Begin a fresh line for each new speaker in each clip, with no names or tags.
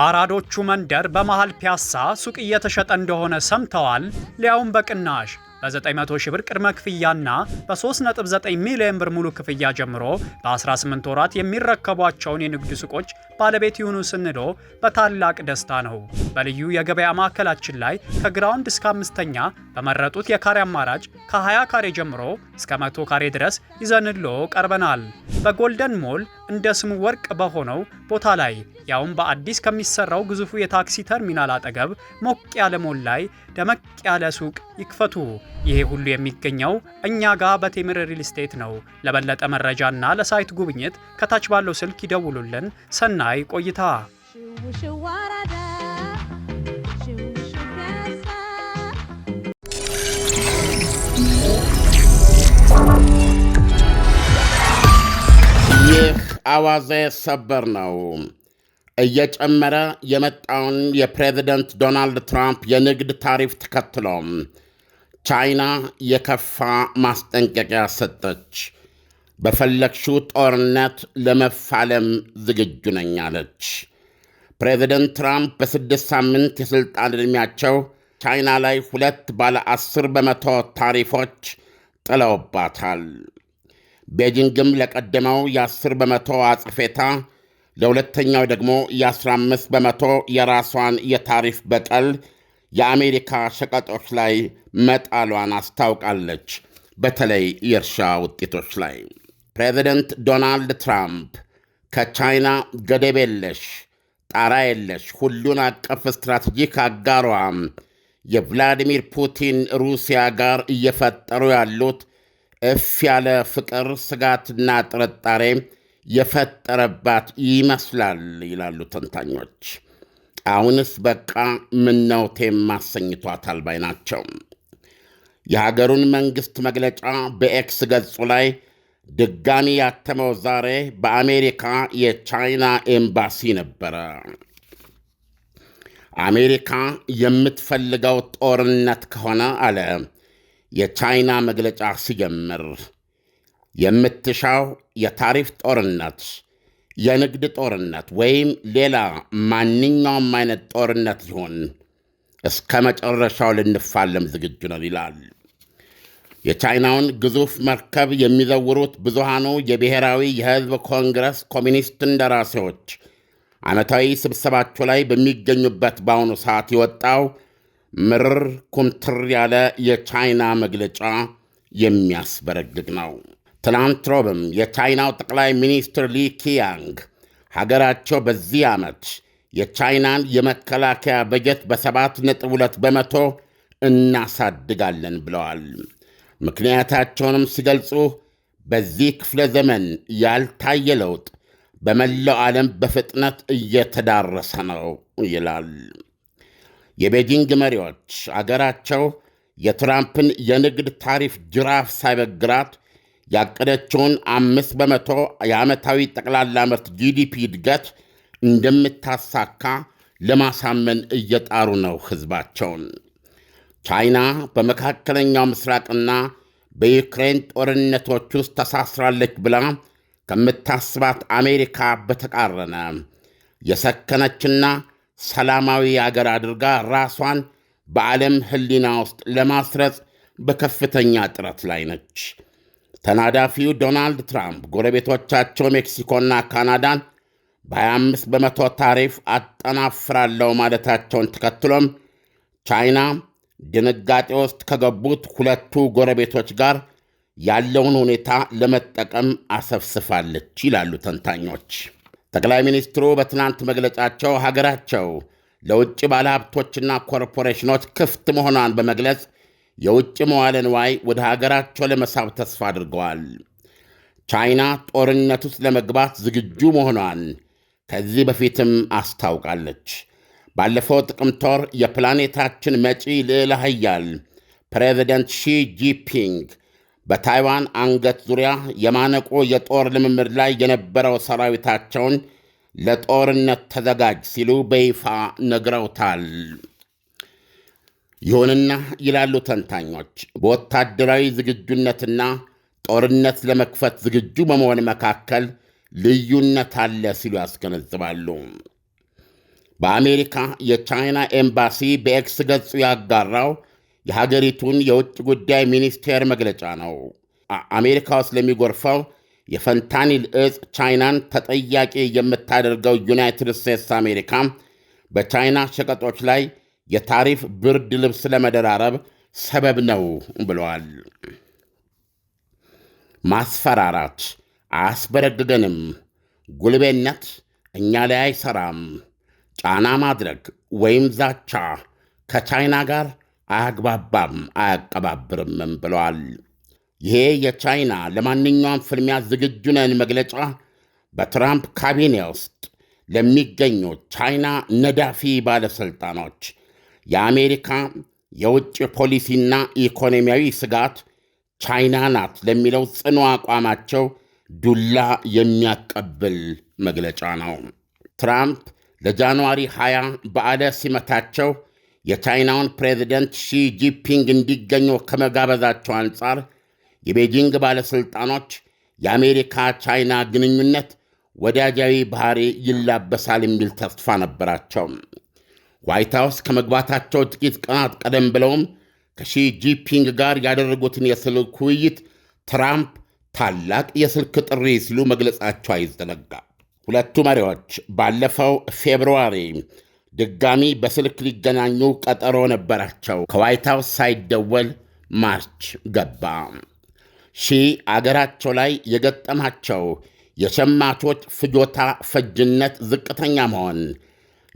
ባራዶቹ መንደር በመሃል ፒያሳ ሱቅ እየተሸጠ እንደሆነ ሰምተዋል? ሊያውም በቅናሽ በ900 ሺህ ብር ቅድመ ክፍያና በ3.9 ሚሊዮን ብር ሙሉ ክፍያ ጀምሮ በ18 ወራት የሚረከቧቸውን የንግድ ሱቆች ባለቤት ይሁኑ ስንሎ በታላቅ ደስታ ነው። በልዩ የገበያ ማዕከላችን ላይ ከግራውንድ እስከ አምስተኛ በመረጡት የካሬ አማራጭ ከ20 ካሬ ጀምሮ እስከ 100 ካሬ ድረስ ይዘንሎ ቀርበናል። በጎልደን ሞል እንደ ስሙ ወርቅ በሆነው ቦታ ላይ ያውም በአዲስ ከሚሰራው ግዙፉ የታክሲ ተርሚናል አጠገብ ሞቅ ያለ ሞል ላይ ደመቅ ያለ ሱቅ ይክፈቱ። ይሄ ሁሉ የሚገኘው እኛ ጋር በቴምር ሪል ስቴት ነው። ለበለጠ መረጃና ለሳይት ጉብኝት ከታች ባለው ስልክ ይደውሉልን። ሰናይ ቆይታ
አዋዜ ሰበር ነው። እየጨመረ የመጣውን የፕሬዝደንት ዶናልድ ትራምፕ የንግድ ታሪፍ ተከትሎ ቻይና የከፋ ማስጠንቀቂያ ሰጠች። በፈለግሽው ጦርነት ለመፋለም ዝግጁ ነኝ አለች። ፕሬዝደንት ትራምፕ በስድስት ሳምንት የሥልጣን ዕድሜያቸው ቻይና ላይ ሁለት ባለ አስር በመቶ ታሪፎች ጥለውባታል። ቤጂንግም ለቀደመው የ10 በመቶ አጽፌታ ለሁለተኛው ደግሞ የ15 በመቶ የራሷን የታሪፍ በቀል የአሜሪካ ሸቀጦች ላይ መጣሏን አስታውቃለች። በተለይ የእርሻ ውጤቶች ላይ ፕሬዚደንት ዶናልድ ትራምፕ ከቻይና ገደብ የለሽ ጣራ የለሽ ሁሉን አቀፍ ስትራቴጂክ አጋሯ የቭላዲሚር ፑቲን ሩሲያ ጋር እየፈጠሩ ያሉት እፍ ያለ ፍቅር ስጋትና ጥርጣሬ የፈጠረባት ይመስላል ይላሉ ተንታኞች። አሁንስ በቃ ምነውቴ ማሰኝቷታል ባይ ናቸው። የሀገሩን መንግሥት መግለጫ በኤክስ ገጹ ላይ ድጋሚ ያተመው ዛሬ በአሜሪካ የቻይና ኤምባሲ ነበረ። አሜሪካ የምትፈልገው ጦርነት ከሆነ አለ የቻይና መግለጫ ሲጀምር የምትሻው የታሪፍ ጦርነት፣ የንግድ ጦርነት ወይም ሌላ ማንኛውም አይነት ጦርነት ይሆን እስከ መጨረሻው ልንፋለም ዝግጁ ነን ይላል። የቻይናውን ግዙፍ መርከብ የሚዘውሩት ብዙሃኑ የብሔራዊ የሕዝብ ኮንግረስ ኮሚኒስት እንደራሴዎች ዓመታዊ ስብሰባቸው ላይ በሚገኙበት በአሁኑ ሰዓት የወጣው ምርር ኩምትር ያለ የቻይና መግለጫ የሚያስበረግግ ነው። ትናንት ሮብም የቻይናው ጠቅላይ ሚኒስትር ሊ ኪያንግ ሀገራቸው በዚህ ዓመት የቻይናን የመከላከያ በጀት በሰባት ነጥብ ሁለት በመቶ እናሳድጋለን ብለዋል። ምክንያታቸውንም ሲገልጹ በዚህ ክፍለ ዘመን ያልታየ ለውጥ በመላው ዓለም በፍጥነት እየተዳረሰ ነው ይላል። የቤጂንግ መሪዎች አገራቸው የትራምፕን የንግድ ታሪፍ ጅራፍ ሳይበግራት ያቀደችውን አምስት በመቶ የዓመታዊ ጠቅላላ ምርት ጂዲፒ እድገት እንደምታሳካ ለማሳመን እየጣሩ ነው ሕዝባቸውን። ቻይና በመካከለኛው ምስራቅና በዩክሬን ጦርነቶች ውስጥ ተሳስራለች ብላ ከምታስባት አሜሪካ በተቃረነ የሰከነችና ሰላማዊ አገር አድርጋ ራሷን በዓለም ሕሊና ውስጥ ለማስረጽ በከፍተኛ ጥረት ላይ ነች። ተናዳፊው ዶናልድ ትራምፕ ጎረቤቶቻቸው ሜክሲኮና ካናዳን በ25 በመቶ ታሪፍ አጠናፍራለሁ ማለታቸውን ተከትሎም ቻይና ድንጋጤ ውስጥ ከገቡት ሁለቱ ጎረቤቶች ጋር ያለውን ሁኔታ ለመጠቀም አሰፍስፋለች ይላሉ ተንታኞች። ጠቅላይ ሚኒስትሩ በትናንት መግለጫቸው ሀገራቸው ለውጭ ባለሀብቶችና ኮርፖሬሽኖች ክፍት መሆኗን በመግለጽ የውጭ መዋለ ንዋይ ወደ ሀገራቸው ለመሳብ ተስፋ አድርገዋል። ቻይና ጦርነት ውስጥ ለመግባት ዝግጁ መሆኗን ከዚህ በፊትም አስታውቃለች። ባለፈው ጥቅምት ወር የፕላኔታችን መጪ ልዕለ ኃያል ፕሬዚደንት ሺ ጂፒንግ በታይዋን አንገት ዙሪያ የማነቆ የጦር ልምምድ ላይ የነበረው ሰራዊታቸውን ለጦርነት ተዘጋጅ ሲሉ በይፋ ነግረውታል። ይሁንና ይላሉ ተንታኞች፣ በወታደራዊ ዝግጁነትና ጦርነት ለመክፈት ዝግጁ በመሆን መካከል ልዩነት አለ ሲሉ ያስገነዝባሉ። በአሜሪካ የቻይና ኤምባሲ በኤክስ ገጹ ያጋራው የሀገሪቱን የውጭ ጉዳይ ሚኒስቴር መግለጫ ነው። አሜሪካ ውስጥ ለሚጎርፈው የፈንታኒል እጽ ቻይናን ተጠያቂ የምታደርገው ዩናይትድ ስቴትስ አሜሪካ በቻይና ሸቀጦች ላይ የታሪፍ ብርድ ልብስ ለመደራረብ ሰበብ ነው ብለዋል። ማስፈራራት አያስበረግገንም፣ ጉልቤነት እኛ ላይ አይሰራም፣ ጫና ማድረግ ወይም ዛቻ ከቻይና ጋር አያግባባም፣ አያቀባብርምም ብለዋል። ይሄ የቻይና ለማንኛውም ፍልሚያ ዝግጁ ነን መግለጫ በትራምፕ ካቢኔ ውስጥ ለሚገኙ ቻይና ነዳፊ ባለሥልጣኖች የአሜሪካ የውጭ ፖሊሲና ኢኮኖሚያዊ ስጋት ቻይና ናት ለሚለው ጽኑ አቋማቸው ዱላ የሚያቀብል መግለጫ ነው። ትራምፕ ለጃንዋሪ 20 በዓለ ሲመታቸው የቻይናውን ፕሬዚደንት ሺጂፒንግ እንዲገኙ ከመጋበዛቸው አንጻር የቤጂንግ ባለሥልጣኖች የአሜሪካ ቻይና ግንኙነት ወዳጃዊ ባህሪ ይላበሳል የሚል ተስፋ ነበራቸው። ዋይት ሃውስ ከመግባታቸው ጥቂት ቀናት ቀደም ብለውም ከሺጂፒንግ ጋር ያደረጉትን የስልክ ውይይት ትራምፕ ታላቅ የስልክ ጥሪ ሲሉ መግለጻቸው አይዘነጋ። ሁለቱ መሪዎች ባለፈው ፌብርዋሪ ድጋሚ በስልክ ሊገናኙ ቀጠሮ ነበራቸው። ከዋይት ሳይደወል ማርች ገባ። ሺ አገራቸው ላይ የገጠማቸው የሸማቾች ፍጆታ ፈጅነት ዝቅተኛ መሆን፣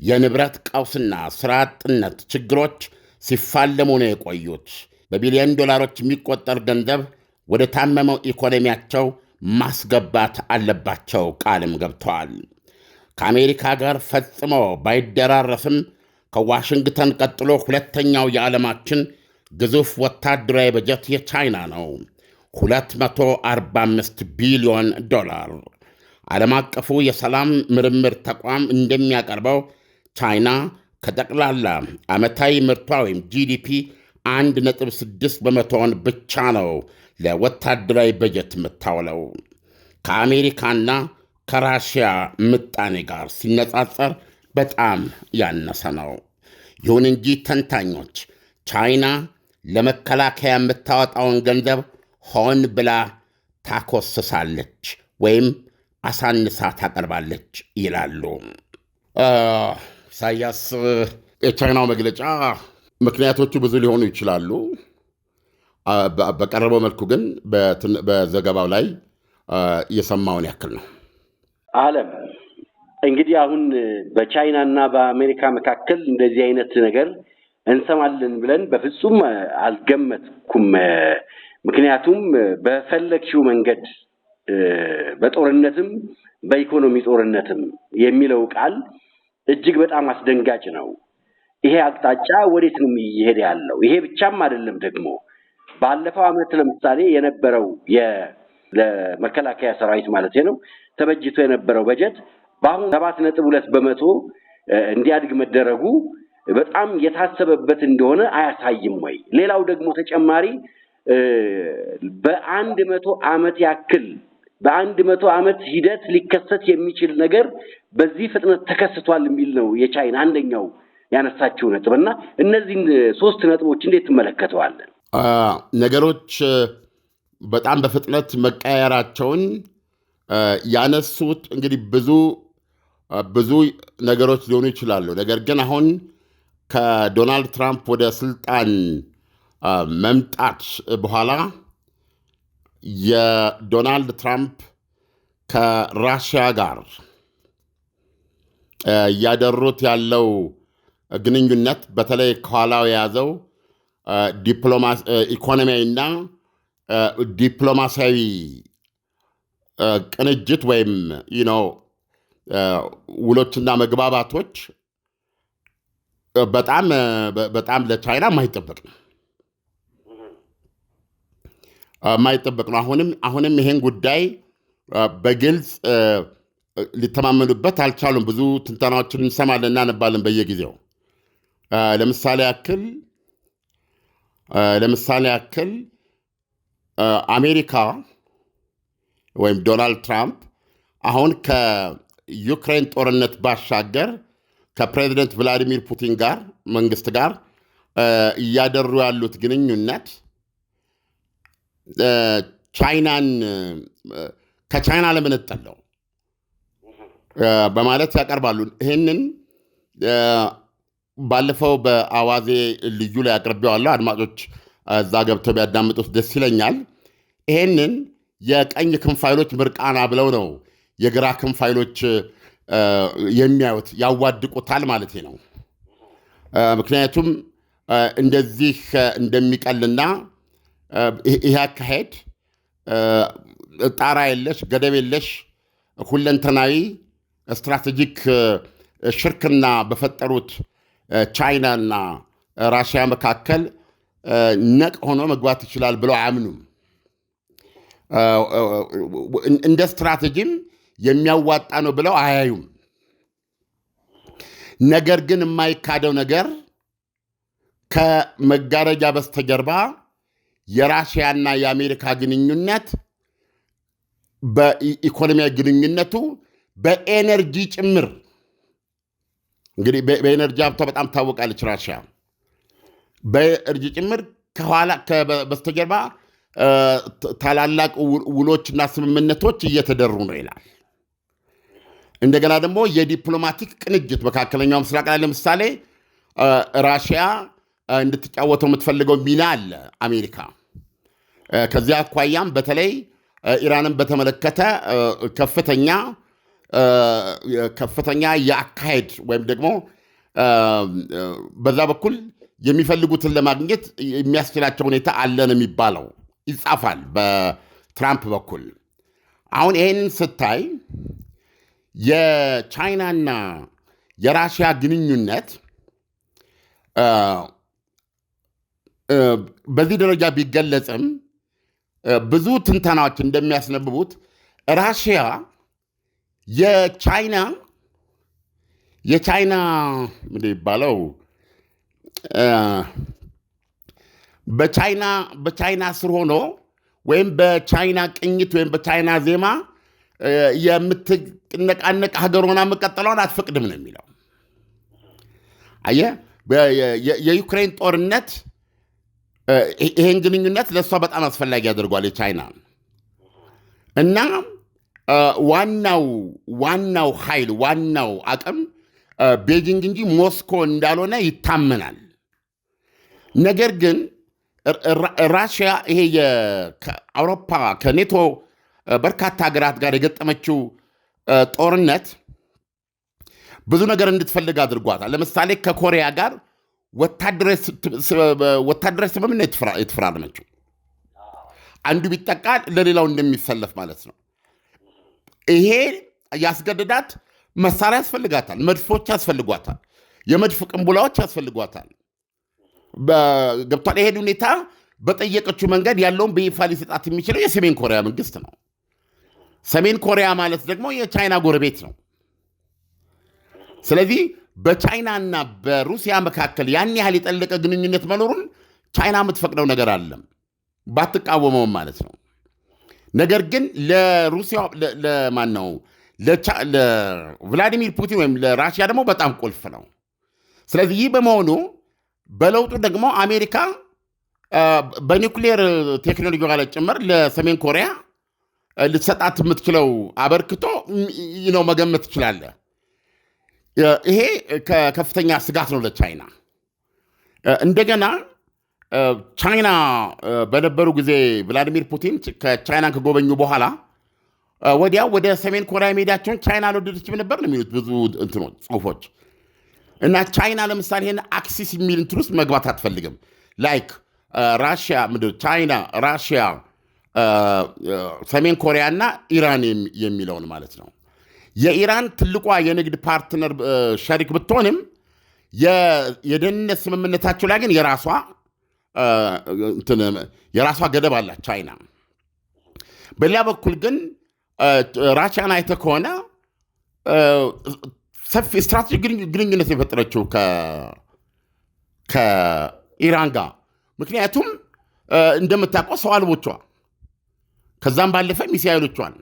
የንብረት ቀውስና ሥራ አጥነት ችግሮች ሲፋለሙ ነው የቆዩት። በቢሊዮን ዶላሮች የሚቆጠር ገንዘብ ወደ ታመመው ኢኮኖሚያቸው ማስገባት አለባቸው ቃልም ገብተዋል። ከአሜሪካ ጋር ፈጽሞ ባይደራረስም ከዋሽንግተን ቀጥሎ ሁለተኛው የዓለማችን ግዙፍ ወታደራዊ በጀት የቻይና ነው፣ 245 ቢሊዮን ዶላር። ዓለም አቀፉ የሰላም ምርምር ተቋም እንደሚያቀርበው ቻይና ከጠቅላላ ዓመታዊ ምርቷ ወይም ጂዲፒ 1.6 በመቶውን ብቻ ነው ለወታደራዊ በጀት የምታውለው ከአሜሪካና ከራሽያ ምጣኔ ጋር ሲነጻጸር በጣም ያነሰ ነው። ይሁን እንጂ ተንታኞች ቻይና ለመከላከያ የምታወጣውን ገንዘብ ሆን ብላ ታኮስሳለች ወይም አሳንሳ ታቀርባለች ይላሉ።
ኢሳያስ፣ የቻይናው መግለጫ ምክንያቶቹ ብዙ ሊሆኑ ይችላሉ። በቀረበው መልኩ ግን በዘገባው ላይ የሰማውን ያክል ነው።
አለም እንግዲህ አሁን በቻይና እና በአሜሪካ መካከል እንደዚህ አይነት ነገር እንሰማለን ብለን በፍጹም አልገመትኩም። ምክንያቱም በፈለግሽው መንገድ በጦርነትም በኢኮኖሚ ጦርነትም የሚለው ቃል እጅግ በጣም አስደንጋጭ ነው። ይሄ አቅጣጫ ወዴት ነው እየሄደ ያለው? ይሄ ብቻም አይደለም። ደግሞ ባለፈው አመት ለምሳሌ የነበረው ለመከላከያ ሰራዊት ማለት ነው ተበጅቶ የነበረው በጀት በአሁኑ ሰባት ነጥብ ሁለት በመቶ እንዲያድግ መደረጉ በጣም የታሰበበት እንደሆነ አያሳይም ወይ? ሌላው ደግሞ ተጨማሪ በአንድ መቶ ዓመት ያክል በአንድ መቶ ዓመት ሂደት ሊከሰት የሚችል ነገር በዚህ ፍጥነት ተከስቷል የሚል ነው የቻይና አንደኛው ያነሳችው ነጥብ እና እነዚህን ሶስት ነጥቦች እንዴት ትመለከተዋለን?
ነገሮች በጣም በፍጥነት መቀየራቸውን ያነሱት እንግዲህ ብዙ ብዙ ነገሮች ሊሆኑ ይችላሉ። ነገር ግን አሁን ከዶናልድ ትራምፕ ወደ ስልጣን መምጣት በኋላ የዶናልድ ትራምፕ ከራሽያ ጋር እያደሩት ያለው ግንኙነት በተለይ ከኋላው የያዘው ኢኮኖሚያዊና ዲፕሎማሲያዊ ቅንጅት ወይም ነው ውሎችና መግባባቶች በጣም በጣም ለቻይና ማይጠበቅ ነው ማይጠበቅ ነው። አሁንም አሁንም ይሄን ጉዳይ በግልጽ ሊተማመኑበት አልቻሉም። ብዙ ትንተናዎችን እንሰማለን እናነባለን በየጊዜው። ለምሳሌ ያክል ለምሳሌ ያክል አሜሪካ ወይም ዶናልድ ትራምፕ አሁን ከዩክሬን ጦርነት ባሻገር ከፕሬዚደንት ቭላዲሚር ፑቲን ጋር መንግስት ጋር እያደሩ ያሉት ግንኙነት ቻይናን ከቻይና ለምንጠለው በማለት ያቀርባሉ። ይህንን ባለፈው በአዋዜ ልዩ ላይ አቅርቤዋለሁ። አድማጮች እዛ ገብተው ቢያዳምጡት ደስ ይለኛል። ይህንን የቀኝ ክንፍ ኃይሎች ምርቃና ብለው ነው የግራ ክንፍ ኃይሎች የሚያዩት፣ ያዋድቁታል ማለት ነው። ምክንያቱም እንደዚህ እንደሚቀልና ይህ አካሄድ ጣራ የለሽ ገደብ የለሽ ሁለንተናዊ ስትራቴጂክ ሽርክና በፈጠሩት ቻይናና ራሽያ መካከል ነቅ ሆኖ መግባት ይችላል ብለው አያምኑም። እንደ ስትራቴጂም የሚያዋጣ ነው ብለው አያዩም። ነገር ግን የማይካደው ነገር ከመጋረጃ በስተጀርባ የራሽያና የአሜሪካ ግንኙነት በኢኮኖሚያዊ ግንኙነቱ በኤነርጂ ጭምር እንግዲህ በኤነርጂ ሀብቷ በጣም ታወቃለች ራሽያ። በኤነርጂ ጭምር ከኋላ በስተጀርባ ታላላቅ ውሎችና ስምምነቶች እየተደሩ ነው ይላል። እንደገና ደግሞ የዲፕሎማቲክ ቅንጅት መካከለኛው ምስራቅ ላይ ለምሳሌ ራሽያ እንድትጫወተው የምትፈልገው ሚና አለ አሜሪካ። ከዚያ አኳያም በተለይ ኢራንን በተመለከተ ከፍተኛ ከፍተኛ የአካሄድ ወይም ደግሞ በዛ በኩል የሚፈልጉትን ለማግኘት የሚያስችላቸው ሁኔታ አለ ነው የሚባለው። ይጻፋል በትራምፕ በኩል። አሁን ይህን ስታይ የቻይናና የራሽያ ግንኙነት በዚህ ደረጃ ቢገለጽም ብዙ ትንተናዎች እንደሚያስነብቡት ራሽያ የቻይና የቻይና ምን ይባለው በቻይና በቻይና ስር ሆኖ ወይም በቻይና ቅኝት ወይም በቻይና ዜማ የምትነቃነቅ ሀገር ሆና መቀጠሏን አትፈቅድም ነው የሚለው። አየህ፣ የዩክሬን ጦርነት ይሄን ግንኙነት ለእሷ በጣም አስፈላጊ ያደርጓል። የቻይና እና ዋናው ዋናው ኃይል ዋናው አቅም ቤጂንግ እንጂ ሞስኮ እንዳልሆነ ይታመናል። ነገር ግን ራሽያ ይሄ የአውሮፓ ከኔቶ በርካታ ሀገራት ጋር የገጠመችው ጦርነት ብዙ ነገር እንድትፈልግ አድርጓታል። ለምሳሌ ከኮሪያ ጋር ወታደራዊ ስምምነት የተፈራረመችው አንዱ ቢጠቃ ለሌላው እንደሚሰለፍ ማለት ነው። ይሄ ያስገድዳት መሳሪያ ያስፈልጋታል፣ መድፎች ያስፈልጓታል፣ የመድፍ ቅንቡላዎች ያስፈልጓታል። ገብቷል። ይሄን ሁኔታ በጠየቀችው መንገድ ያለውን በይፋ ሊሰጣት የሚችለው የሰሜን ኮሪያ መንግስት ነው። ሰሜን ኮሪያ ማለት ደግሞ የቻይና ጎረቤት ነው። ስለዚህ በቻይናና በሩሲያ መካከል ያን ያህል የጠለቀ ግንኙነት መኖሩን ቻይና የምትፈቅደው ነገር አለም ባትቃወመውም ማለት ነው። ነገር ግን ለሩሲያ ለማን ነው ለቭላዲሚር ፑቲን ወይም ለራሽያ ደግሞ በጣም ቁልፍ ነው። ስለዚህ ይህ በመሆኑ በለውጡ ደግሞ አሜሪካ በኒውክሌር ቴክኖሎጂ ጋር ጭምር ለሰሜን ኮሪያ ልትሰጣት የምትችለው አበርክቶ ነው መገመት ትችላለ። ይሄ ከፍተኛ ስጋት ነው ለቻይና። እንደገና ቻይና በነበሩ ጊዜ ቭላዲሚር ፑቲን ከቻይና ከጎበኙ በኋላ ወዲያው ወደ ሰሜን ኮሪያ መሄዳቸውን ቻይና አልወደደችም ነበር ነው የሚሉት ብዙ እንትኖች ጽሁፎች። እና ቻይና ለምሳሌ ይህን አክሲስ የሚል እንትን ውስጥ መግባት አትፈልግም። ላይክ ራሽያ uh, ምንድን ቻይና፣ ራሽያ፣ uh, uh, ሰሜን ኮሪያ እና ኢራን የሚለውን ማለት ነው። የኢራን ትልቋ የንግድ ፓርትነር ሸሪክ ብትሆንም የደህንነት ስምምነታቸው ላይ ግን የራሷ የራሷ ገደብ አላት ቻይና። በሌላ በኩል ግን ራሽያን አይተ ከሆነ ሰፊ ስትራቴጂክ ግንኙነት የፈጠረችው ከኢራን ጋር ምክንያቱም እንደምታውቀው ሰው አልቦቿ ከዛም ባለፈ ሚሳይሎቿን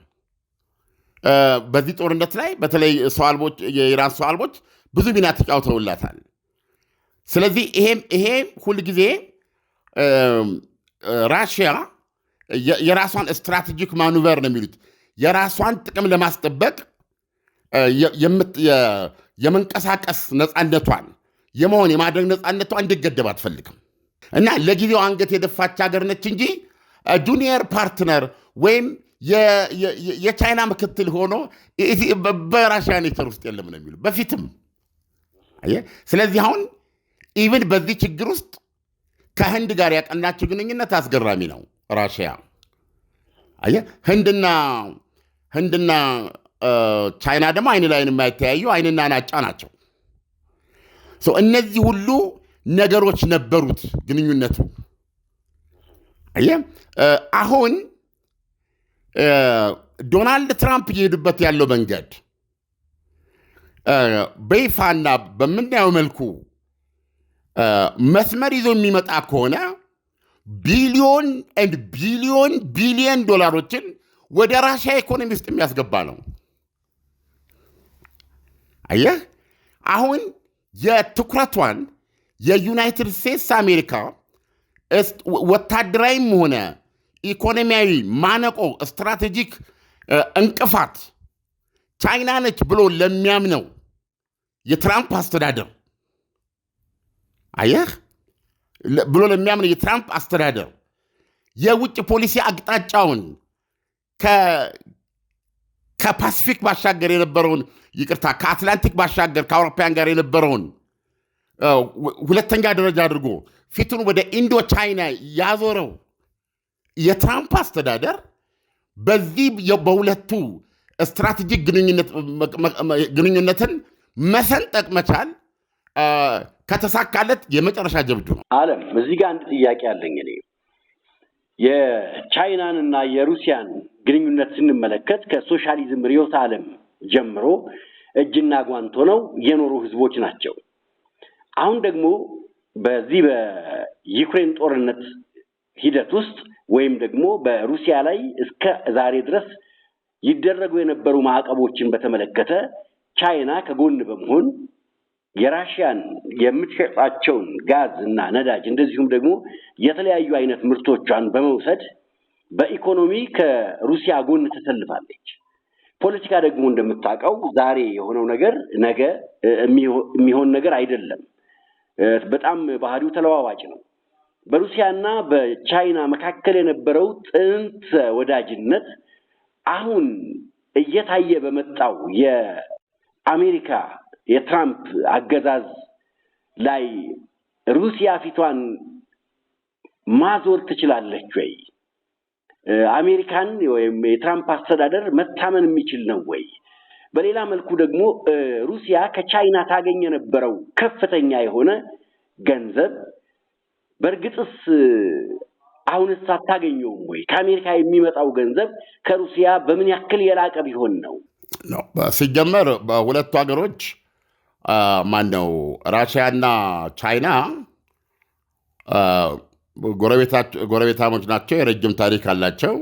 በዚህ ጦርነት ላይ በተለይ ሰው አልቦች የኢራን ሰው አልቦች ብዙ ሚና ተጫውተውላታል። ስለዚህ ይሄም ይሄ ሁልጊዜ ራሽያ የራሷን ስትራቴጂክ ማኑቨር ነው የሚሉት የራሷን ጥቅም ለማስጠበቅ የመንቀሳቀስ ነፃነቷን የመሆን የማድረግ ነፃነቷ እንዲገደብ አትፈልግም እና ለጊዜው አንገት የደፋች ሀገር ነች እንጂ ጁኒየር ፓርትነር ወይም የቻይና ምክትል ሆኖ በራሽያ ኔቸር ውስጥ የለም ነው የሚሉ በፊትም። ስለዚህ አሁን ኢቭን በዚህ ችግር ውስጥ ከህንድ ጋር ያቀናችው ግንኙነት አስገራሚ ነው። ራሽያ ህንድና ህንድና ቻይና ደግሞ አይን ላይን የማይተያዩ አይንና ናጫ ናቸው። እነዚህ ሁሉ ነገሮች ነበሩት ግንኙነቱ። አሁን ዶናልድ ትራምፕ እየሄዱበት ያለው መንገድ በይፋና በምናየው መልኩ መስመር ይዞ የሚመጣ ከሆነ ቢሊዮን ቢሊዮን ቢሊየን ዶላሮችን ወደ ራሽያ ኢኮኖሚ ውስጥ የሚያስገባ ነው። አየህ አሁን የትኩረቷን የዩናይትድ ስቴትስ አሜሪካ ወታደራዊም ሆነ ኢኮኖሚያዊ ማነቆ ስትራቴጂክ እንቅፋት ቻይና ነች ብሎ ለሚያምነው የትራምፕ አስተዳደር አየህ ብሎ ለሚያምነው የትራምፕ አስተዳደር የውጭ ፖሊሲ አቅጣጫውን ከፓሲፊክ ባሻገር የነበረውን ይቅርታ ከአትላንቲክ ባሻገር ከአውሮፓያን ጋር የነበረውን ሁለተኛ ደረጃ አድርጎ ፊቱን ወደ ኢንዶ ቻይና ያዞረው የትራምፕ አስተዳደር በዚህ በሁለቱ ስትራቴጂክ ግንኙነትን መሰንጠቅ መቻል ከተሳካለት የመጨረሻ ጀብዱ ነው።
አለም እዚህ ጋር አንድ ጥያቄ አለኝ እኔ የቻይናን እና የሩሲያን ግንኙነት ስንመለከት ከሶሻሊዝም ርዕዮተ ዓለም ጀምሮ እጅና ጓንት ሆነው የኖሩ ህዝቦች ናቸው። አሁን ደግሞ በዚህ በዩክሬን ጦርነት ሂደት ውስጥ ወይም ደግሞ በሩሲያ ላይ እስከ ዛሬ ድረስ ይደረጉ የነበሩ ማዕቀቦችን በተመለከተ ቻይና ከጎን በመሆን የራሽያን የምትሸጣቸውን ጋዝ እና ነዳጅ እንደዚሁም ደግሞ የተለያዩ አይነት ምርቶቿን በመውሰድ በኢኮኖሚ ከሩሲያ ጎን ተሰልፋለች። ፖለቲካ ደግሞ እንደምታውቀው ዛሬ የሆነው ነገር ነገ የሚሆን ነገር አይደለም። በጣም ባህሪው ተለዋዋጭ ነው። በሩሲያና በቻይና መካከል የነበረው ጥንት ወዳጅነት አሁን እየታየ በመጣው የአሜሪካ የትራምፕ አገዛዝ ላይ ሩሲያ ፊቷን ማዞር ትችላለች ወይ? አሜሪካን ወይም የትራምፕ አስተዳደር መታመን የሚችል ነው ወይ? በሌላ መልኩ ደግሞ ሩሲያ ከቻይና ታገኝ የነበረው ከፍተኛ የሆነ ገንዘብ በእርግጥስ አሁንስ አታገኘውም ወይ? ከአሜሪካ የሚመጣው ገንዘብ ከሩሲያ በምን ያክል የላቀ ቢሆን ነው?
ሲጀመር በሁለቱ ሀገሮች ማን ነው ራሽያና ቻይና ጎረቤታሞች ናቸው፣ የረጅም ታሪክ አላቸው።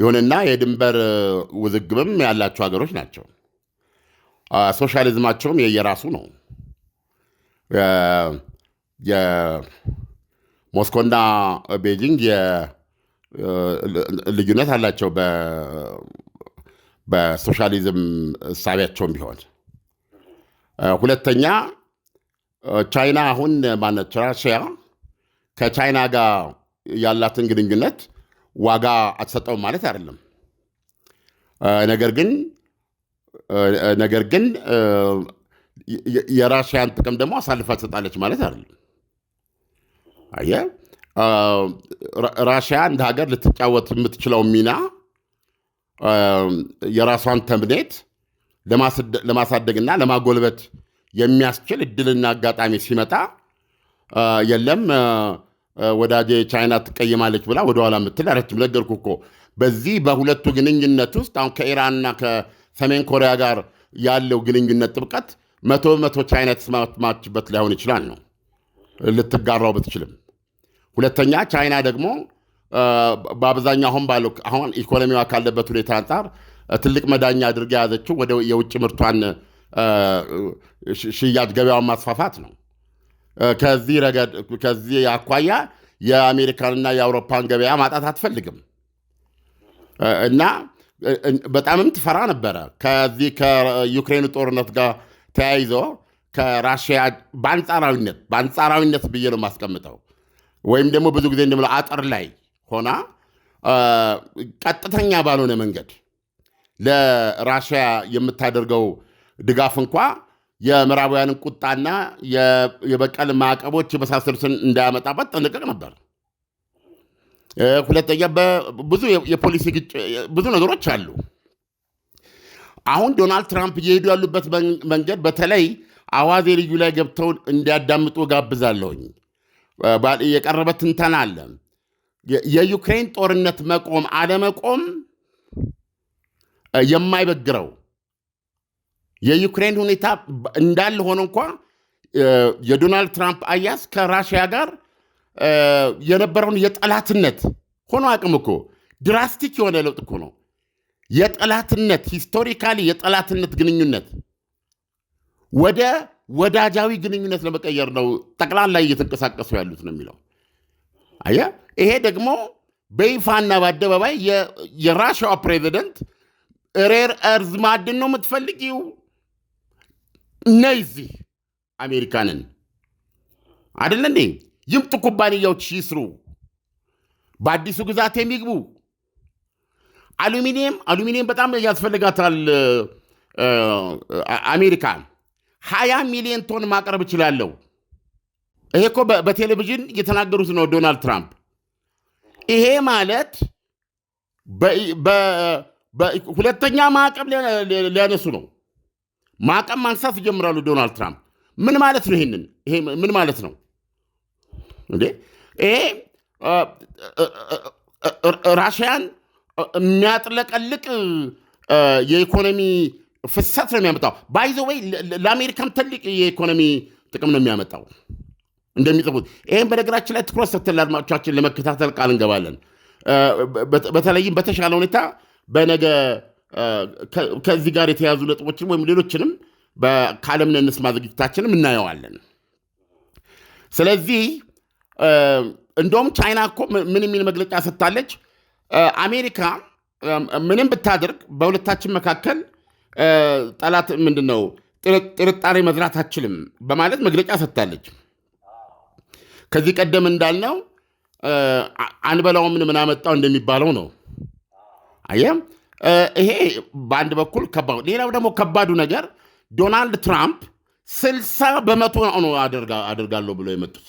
ይሁንና የድንበር ውዝግብም ያላቸው ሀገሮች ናቸው። ሶሻሊዝማቸውም የየራሱ ነው። ሞስኮና ቤጂንግ ልዩነት አላቸው በሶሻሊዝም እሳቢያቸውም ቢሆን። ሁለተኛ ቻይና አሁን ማነች ራሽያ ከቻይና ጋር ያላትን ግንኙነት ዋጋ አትሰጠውም ማለት አይደለም። ነገር ግን ነገር ግን የራሽያን ጥቅም ደግሞ አሳልፋ ትሰጣለች ማለት አይደለም። አየ ራሽያ እንደ ሀገር ልትጫወት የምትችለው ሚና የራሷን ተምኔት ለማሳደግና ለማጎልበት የሚያስችል እድልና አጋጣሚ ሲመጣ የለም ወዳጅ ቻይና ትቀይማለች ብላ ወደኋላ የምትል አረችም። ነገርኩ እኮ በዚህ በሁለቱ ግንኙነት ውስጥ አሁን ከኢራንና ከሰሜን ኮሪያ ጋር ያለው ግንኙነት ጥብቀት መቶ በመቶ ቻይና የተስማማችበት ላይሆን ይችላል ነው ልትጋራው ብትችልም። ሁለተኛ ቻይና ደግሞ በአብዛኛው አሁን ባለው አሁን ኢኮኖሚዋ ካለበት ሁኔታ አንጻር ትልቅ መዳኛ አድርጋ የያዘችው ወደ የውጭ ምርቷን ሽያጭ ገበያውን ማስፋፋት ነው። ከዚህ ረገድ ከዚህ አኳያ የአሜሪካንና የአውሮፓን ገበያ ማጣት አትፈልግም እና በጣምም ትፈራ ነበረ። ከዚህ ከዩክሬን ጦርነት ጋር ተያይዞ ከራሽያ በአንጻራዊነት በአንጻራዊነት ብዬ ነው የማስቀምጠው ወይም ደግሞ ብዙ ጊዜ እንደምለው አጥር ላይ ሆና ቀጥተኛ ባልሆነ መንገድ ለራሽያ የምታደርገው ድጋፍ እንኳ የምዕራባውያንን ቁጣና የበቀል ማዕቀቦች የመሳሰሉትን እንዳያመጣበት ጠንቅቅ ነበር። ሁለተኛ ብዙ የፖሊሲ ብዙ ነገሮች አሉ። አሁን ዶናልድ ትራምፕ እየሄዱ ያሉበት መንገድ በተለይ አዋዜ ልዩ ላይ ገብተው እንዲያዳምጡ ጋብዛለሁኝ። የቀረበ ትንተና አለ። የዩክሬን ጦርነት መቆም አለመቆም የማይበግረው የዩክሬን ሁኔታ እንዳለ ሆኖ እንኳ የዶናልድ ትራምፕ አያዝ ከራሽያ ጋር የነበረውን የጠላትነት ሆኖ አቅም እኮ ድራስቲክ የሆነ ለውጥ እኮ ነው። የጠላትነት ሂስቶሪካሊ የጠላትነት ግንኙነት ወደ ወዳጃዊ ግንኙነት ለመቀየር ነው ጠቅላላ እየተንቀሳቀሱ ያሉት ነው የሚለው አየህ። ይሄ ደግሞ በይፋና በአደባባይ የራሽያው ፕሬዚደንት ሬር እርዝ ማዕድን ነው የምትፈልጊው እነዚህ አሜሪካንን አደለ እንዴ? ይምጡ፣ ኩባንያዎች ይስሩ፣ በአዲሱ ግዛት የሚግቡ አሉሚኒየም አሉሚኒየም በጣም ያስፈልጋታል አሜሪካ። ሀያ ሚሊዮን ቶን ማቅረብ እችላለሁ። ይሄ እኮ በቴሌቪዥን እየተናገሩት ነው ዶናልድ ትራምፕ። ይሄ ማለት ሁለተኛ ማዕቀብ ሊያነሱ ነው። ማዕቀብ ማንሳት ይጀምራሉ። ዶናልድ ትራምፕ ምን ማለት ነው? ይሄንን ይሄ ምን ማለት ነው? ይሄ ራሽያን የሚያጥለቀልቅ የኢኮኖሚ ፍሰት ነው የሚያመጣው። ባይዘ ወይ ለአሜሪካም ትልቅ የኢኮኖሚ ጥቅም ነው የሚያመጣው እንደሚጽፉት። ይህም በነገራችን ላይ ትኩረት ሰጥተን አድማጮቻችን ለመከታተል ቃል እንገባለን። በተለይም በተሻለ ሁኔታ በነገ ከዚህ ጋር የተያዙ ነጥቦችን ወይም ሌሎችንም ከዓለም ነንስማ ዝግጅታችንም እናየዋለን። ስለዚህ እንደውም ቻይና እኮ ምን የሚል መግለጫ ሰጥታለች? አሜሪካ ምንም ብታደርግ በሁለታችን መካከል ጠላት ምንድን ነው ጥርጣሬ መዝራት አችልም በማለት መግለጫ ሰጥታለች። ከዚህ ቀደም እንዳልነው አንበላውም ምን አመጣው እንደሚባለው ነው። አየህ ይሄ በአንድ በኩል ከባዱ። ሌላው ደግሞ ከባዱ ነገር ዶናልድ ትራምፕ ስልሳ በመቶ ነው አደርጋለሁ ብሎ የመጡት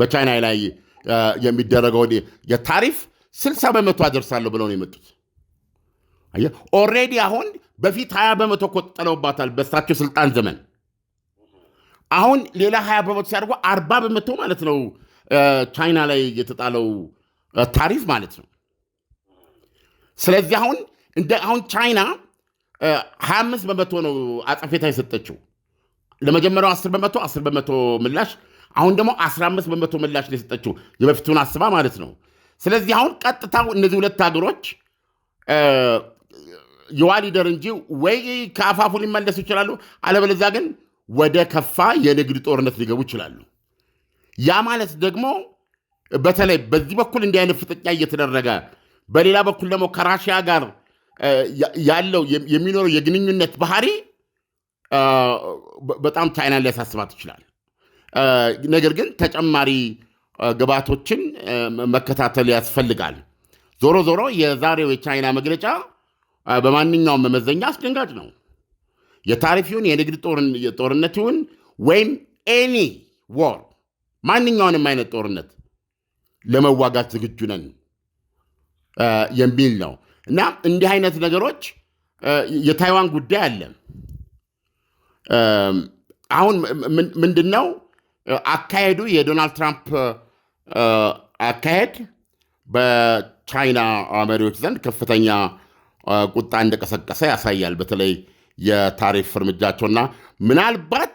በቻይና ላይ የሚደረገውን የታሪፍ ስልሳ በመቶ አደርሳለሁ ብለው ነው የመጡት። ኦልሬዲ አሁን በፊት ሀያ በመቶ እኮ ጥለውባታል በእሳቸው ስልጣን ዘመን። አሁን ሌላ ሀያ በመቶ ሲያደርጉ አርባ በመቶ ማለት ነው ቻይና ላይ የተጣለው ታሪፍ ማለት ነው። ስለዚህ አሁን እንደ አሁን ቻይና 25 በመቶ ነው አጸፌታ የሰጠችው ለመጀመሪያው 10 በመቶ 10 በመቶ ምላሽ፣ አሁን ደግሞ 15 በመቶ ምላሽ ነው የሰጠችው የበፊቱን አስባ ማለት ነው። ስለዚህ አሁን ቀጥታ እነዚህ ሁለት ሀገሮች የዋሊደር እንጂ ወይ ከአፋፉ ሊመለሱ ይችላሉ፣ አለበለዚያ ግን ወደ ከፋ የንግድ ጦርነት ሊገቡ ይችላሉ። ያ ማለት ደግሞ በተለይ በዚህ በኩል እንዲህ አይነት ፍጥጫ እየተደረገ በሌላ በኩል ደግሞ ከራሽያ ጋር ያለው የሚኖረው የግንኙነት ባህሪ በጣም ቻይናን ሊያሳስባት ይችላል። ነገር ግን ተጨማሪ ግባቶችን መከታተል ያስፈልጋል። ዞሮ ዞሮ የዛሬው የቻይና መግለጫ በማንኛውም መመዘኛ አስደንጋጭ ነው። የታሪፊውን የንግድ ጦርነት ይሁን ወይም ኤኒ ዎር ማንኛውንም አይነት ጦርነት ለመዋጋት ዝግጁ ነን የሚል ነው እና እንዲህ አይነት ነገሮች የታይዋን ጉዳይ አለ። አሁን ምንድን ነው አካሄዱ? የዶናልድ ትራምፕ አካሄድ በቻይና መሪዎች ዘንድ ከፍተኛ ቁጣ እንደቀሰቀሰ ያሳያል። በተለይ የታሪፍ እርምጃቸውና ምናልባት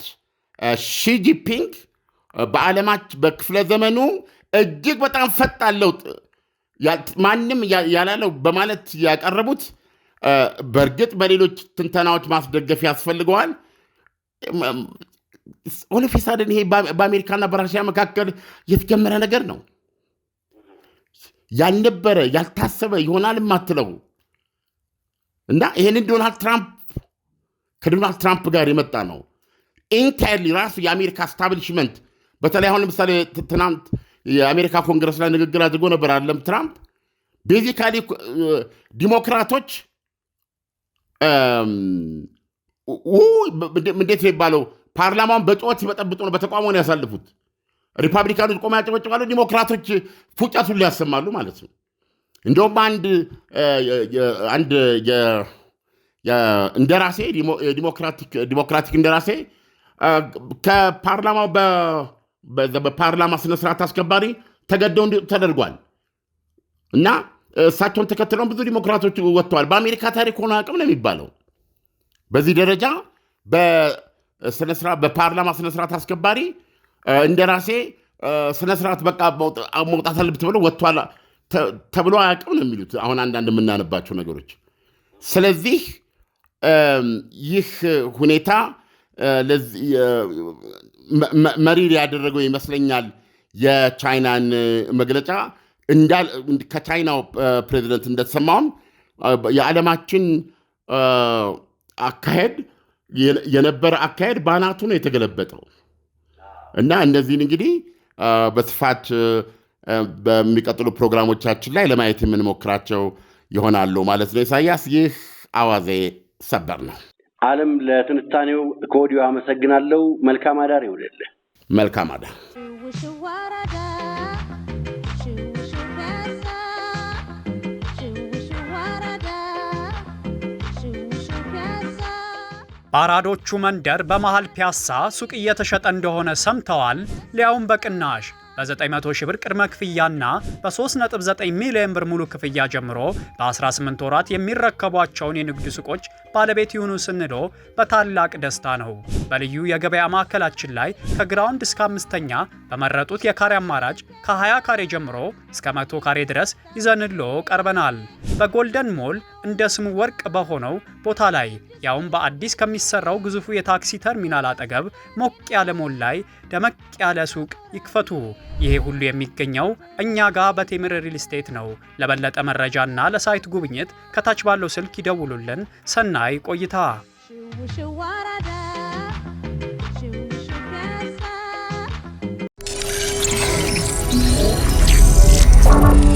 ሺጂፒንግ በዓለማች በክፍለ ዘመኑ እጅግ በጣም ፈጣን ለውጥ ማንም ያላለው በማለት ያቀረቡት በእርግጥ በሌሎች ትንተናዎች ማስደገፍ ያስፈልገዋል። ኦለፌሳድን ይሄ በአሜሪካና በራሽያ መካከል የተጀመረ ነገር ነው። ያልነበረ ያልታሰበ ይሆናል የማትለው እና ይህንን ዶናልድ ትራምፕ ከዶናልድ ትራምፕ ጋር የመጣ ነው። ኢንታይርሊ ራሱ የአሜሪካ ስታብሊሽመንት በተለይ አሁን ለምሳሌ ትናንት የአሜሪካ ኮንግረስ ላይ ንግግር አድርጎ ነበር አለም ትራምፕ ቤዚካሊ ዲሞክራቶች እንዴት ነው የሚባለው ፓርላማውን በጩኸት ሲበጠብጡ ነው በተቃውሞ ነው ያሳልፉት። ሪፐብሊካኖች ቆመው ያጨበጭባሉ፣ ዲሞክራቶች ፉጨቱን ሊያሰማሉ ማለት ነው። እንደውም አንድ እንደራሴ ዲሞክራቲክ እንደራሴ ከፓርላማው በፓርላማ ስነስርዓት አስከባሪ ተገደው ተደርጓል እና እሳቸውን ተከትለውን ብዙ ዲሞክራቶች ወጥተዋል። በአሜሪካ ታሪክ ሆኖ አቅም ነው የሚባለው በዚህ ደረጃ በፓርላማ ስነስርዓት አስከባሪ እንደራሴ ስነስርዓት በቃ መውጣት አለብት ብለው ወጥቷል ተብሎ አያውቅም ነው የሚሉት አሁን አንዳንድ የምናነባቸው ነገሮች። ስለዚህ ይህ ሁኔታ መሪር ያደረገው ይመስለኛል የቻይናን መግለጫ ከቻይናው ፕሬዚደንት እንደተሰማውም የዓለማችን አካሄድ የነበረ አካሄድ በአናቱ ነው የተገለበጠው እና እነዚህን እንግዲህ በስፋት በሚቀጥሉ ፕሮግራሞቻችን ላይ ለማየት የምንሞክራቸው ይሆናሉ ማለት ነው። ኢሳያስ፣ ይህ አዋዜ ሰበር ነው።
አለም ለትንታኔው ከወዲሁ አመሰግናለሁ። መልካም አዳር ይውልል።
መልካም አዳር።
ባራዶቹ መንደር በመሃል ፒያሳ ሱቅ እየተሸጠ እንደሆነ ሰምተዋል? ሊያውም በቅናሽ በ900 ሺህ ብር ቅድመ ክፍያና በ3.9 ሚሊዮን ብር ሙሉ ክፍያ ጀምሮ በ18 ወራት የሚረከቧቸውን የንግድ ሱቆች ባለቤት ይሁኑ ስንሎ በታላቅ ደስታ ነው። በልዩ የገበያ ማዕከላችን ላይ ከግራውንድ እስከ አምስተኛ በመረጡት የካሬ አማራጭ ከ20 ካሬ ጀምሮ እስከ 100 ካሬ ድረስ ይዘንሎ ቀርበናል። በጎልደን ሞል እንደ ስሙ ወርቅ በሆነው ቦታ ላይ ያውም በአዲስ ከሚሰራው ግዙፉ የታክሲ ተርሚናል አጠገብ ሞቅ ያለ ሞል ላይ ደመቅ ያለ ሱቅ ይክፈቱ። ይሄ ሁሉ የሚገኘው እኛ ጋር በቴምር ሪል ስቴት ነው። ለበለጠ መረጃና ለሳይት ጉብኝት ከታች ባለው ስልክ ይደውሉልን። ሰናይ ቆይታ። you